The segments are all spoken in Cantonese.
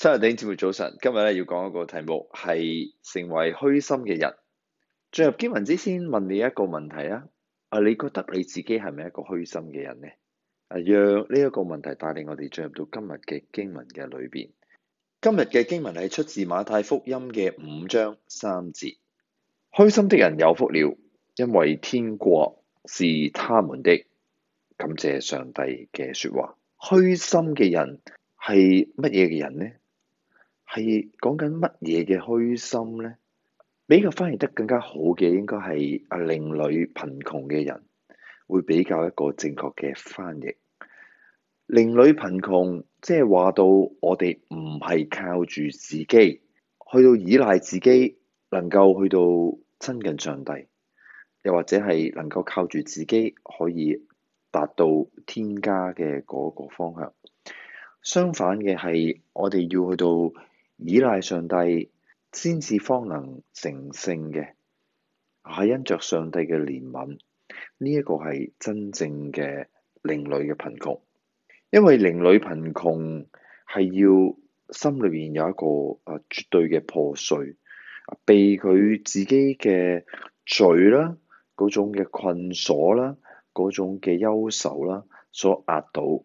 七日頂節目早晨，今日咧，要講一個題目係成為虛心嘅人。進入經文之先，問你一個問題啊，啊你覺得你自己係咪一個虛心嘅人呢？啊，讓呢一個問題帶領我哋進入到今日嘅經文嘅裏邊。今日嘅經文係出自馬太福音嘅五章三節。虛心的人有福了，因為天國是他們的。感謝上帝嘅說話。虛心嘅人係乜嘢嘅人呢？係講緊乜嘢嘅虛心呢？比較翻譯得更加好嘅，應該係啊，靈裡貧窮嘅人會比較一個正確嘅翻譯。靈裡貧窮，即係話到我哋唔係靠住自己，去到依賴自己，能夠去到親近上帝，又或者係能夠靠住自己可以達到天家嘅嗰個方向。相反嘅係，我哋要去到。依賴上帝先至方能成聖嘅，係、啊、因着上帝嘅憐憫，呢、這、一個係真正嘅靈裡嘅貧窮。因為靈裡貧窮係要心裡面有一個啊絕對嘅破碎，被佢自己嘅罪啦，嗰種嘅困鎖啦，嗰種嘅憂愁啦，所所壓倒，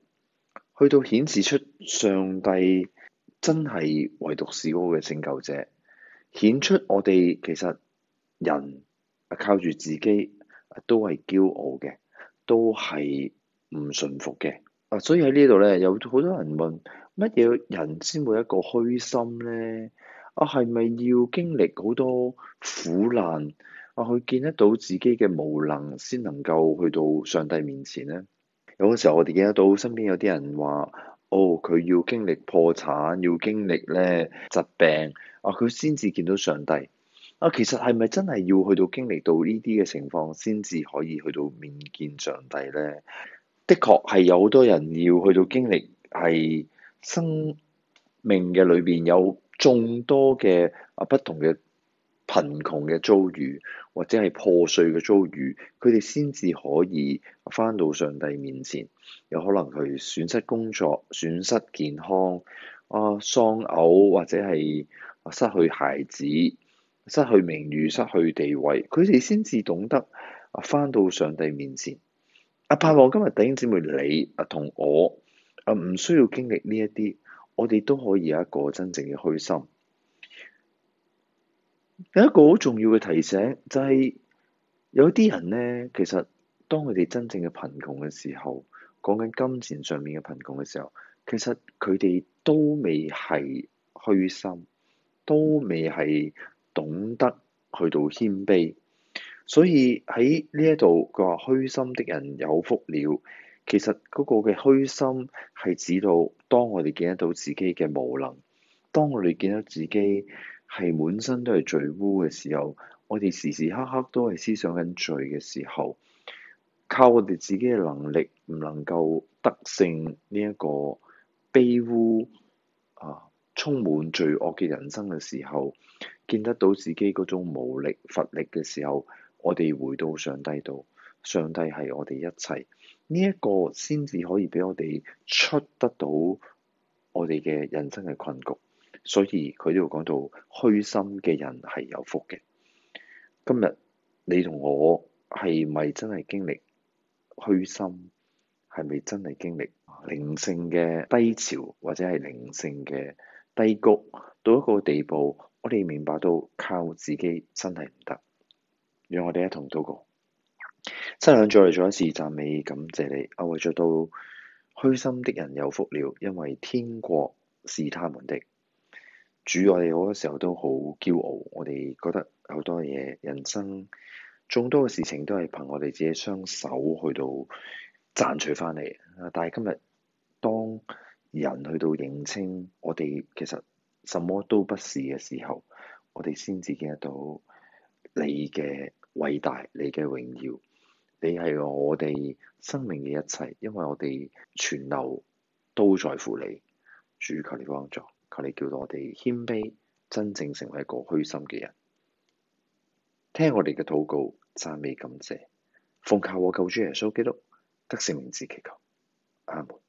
去到顯示出上帝。真係唯獨是嗰個拯救者，顯出我哋其實人啊靠住自己都係驕傲嘅，都係唔順服嘅。啊，所以喺呢度咧，有好多人問乜嘢人先會一個虛心咧？啊，係咪要經歷好多苦難啊？去見得到自己嘅無能，先能夠去到上帝面前咧？有陣時候我哋見得到身邊有啲人話。哦，佢要經歷破產，要經歷咧疾病，啊，佢先至見到上帝。啊，其實係咪真係要去到經歷到呢啲嘅情況，先至可以去到面見上帝呢？的確係有好多人要去到經歷，係生命嘅裏邊有眾多嘅啊不同嘅，貧窮嘅遭遇，或者係破碎嘅遭遇，佢哋先至可以翻到上帝面前。有可能佢損失工作、損失健康、啊喪偶或者係失去孩子、失去名譽、失去地位，佢哋先至懂得啊翻到上帝面前。阿盼望今日弟兄姊妹你啊同我啊唔需要經歷呢一啲，我哋都可以有一個真正嘅虛心。有一個好重要嘅提醒，就係有啲人呢，其實當佢哋真正嘅貧窮嘅時候，講緊金錢上面嘅貧窮嘅時候，其實佢哋都未係虛心，都未係懂得去到謙卑。所以喺呢一度，佢話虛心的人有福了。其實嗰個嘅虛心係指到當我哋見得到自己嘅無能，當我哋見到自己，係滿身都係罪污嘅時候，我哋時時刻刻都係思想緊罪嘅時候，靠我哋自己嘅能力唔能夠得勝呢一個卑污啊，充滿罪惡嘅人生嘅時候，見得到自己嗰種無力乏力嘅時候，我哋回到上帝度，上帝係我哋一切，呢一個先至可以俾我哋出得到我哋嘅人生嘅困局。所以佢都要講到虛心嘅人係有福嘅。今日你同我係咪真係經歷虛心？係咪真係經歷靈性嘅低潮，或者係靈性嘅低谷，到一個地步，我哋明白到靠自己真係唔得。讓我哋一同禱告，親眼再嚟做一次讚美，感謝你。我為著到虛心的人有福了，因為天國是他們的。主我哋好多時候都好驕傲，我哋覺得好多嘢，人生眾多嘅事情都係憑我哋自己雙手去到賺取翻嚟。但係今日當人去到認清我哋其實什麼都不是嘅時候，我哋先至見得到你嘅偉大，你嘅榮耀，你係我哋生命嘅一切，因為我哋全流都在乎你，主求你幫助。求你叫到我哋謙卑，真正成為一個虛心嘅人，聽我哋嘅禱告，讚美感謝，奉靠我救主耶穌基督得勝名字祈求，阿門。